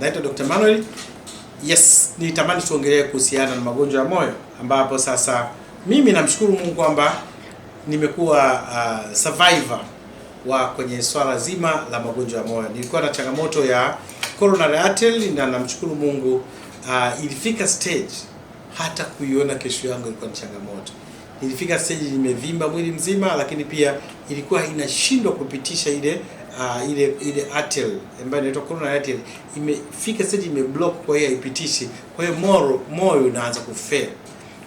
Naitwa Dr. Manuel. Yes, nitamani tuongelee kuhusiana na magonjwa ya moyo ambapo sasa mimi namshukuru Mungu kwamba nimekuwa uh, survivor wa kwenye swala zima la magonjwa ya moyo. Nilikuwa na changamoto ya coronary artery na namshukuru Mungu uh, ilifika stage hata kuiona kesho yangu ilikuwa ni changamoto. ilifika stage nimevimba mwili mzima, lakini pia ilikuwa inashindwa kupitisha ile uh, ile ile atel ambayo inaitwa Corona Airtel imefika stage imeblock, kwa hiyo haipitishi. Kwa hiyo moyo moyo unaanza kufail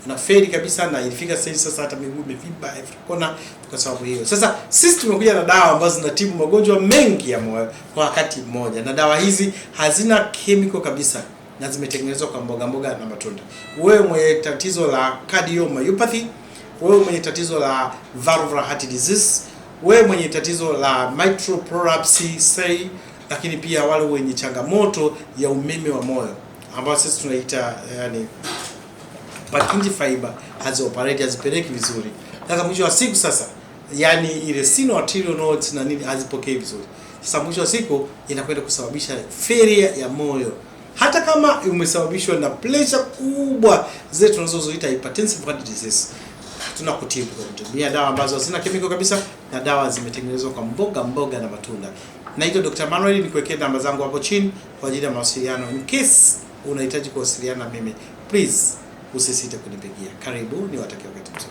na feli kabisa, na ilifika stage sasa hata miguu imevimba kona kwa sababu hiyo. Sasa sisi tumekuja na dawa ambazo zinatibu magonjwa mengi ya moyo kwa wakati mmoja, na dawa hizi hazina kemiko kabisa na zimetengenezwa kwa mboga mboga na matunda. Wewe mwenye tatizo la cardiomyopathy, wewe mwenye tatizo la valvular heart disease wewe mwenye tatizo la mitral prolapse say, lakini pia wale wenye changamoto ya umeme wa moyo ambao sisi tunaita yani, Purkinje fiber hazioperate, hazipeleki vizuri Sasa mwisho wa siku sasa, yani ile sino arterial nodes na nini hazipokei vizuri. Sasa mwisho wa siku inakwenda kusababisha failure ya moyo, hata kama umesababishwa na pressure kubwa zile tunazozoita hypertensive heart disease tunakutibu kwa kutumia dawa ambazo hazina kemiko kabisa na dawa zimetengenezwa kwa mboga mboga na matunda. Naitwa Dr. Manuel, kuwekea namba zangu hapo chini kwa ajili ya mawasiliano. In case unahitaji kuwasiliana na mimi, please usisite kunipigia. Karibu, niwatakia wakati mzuri.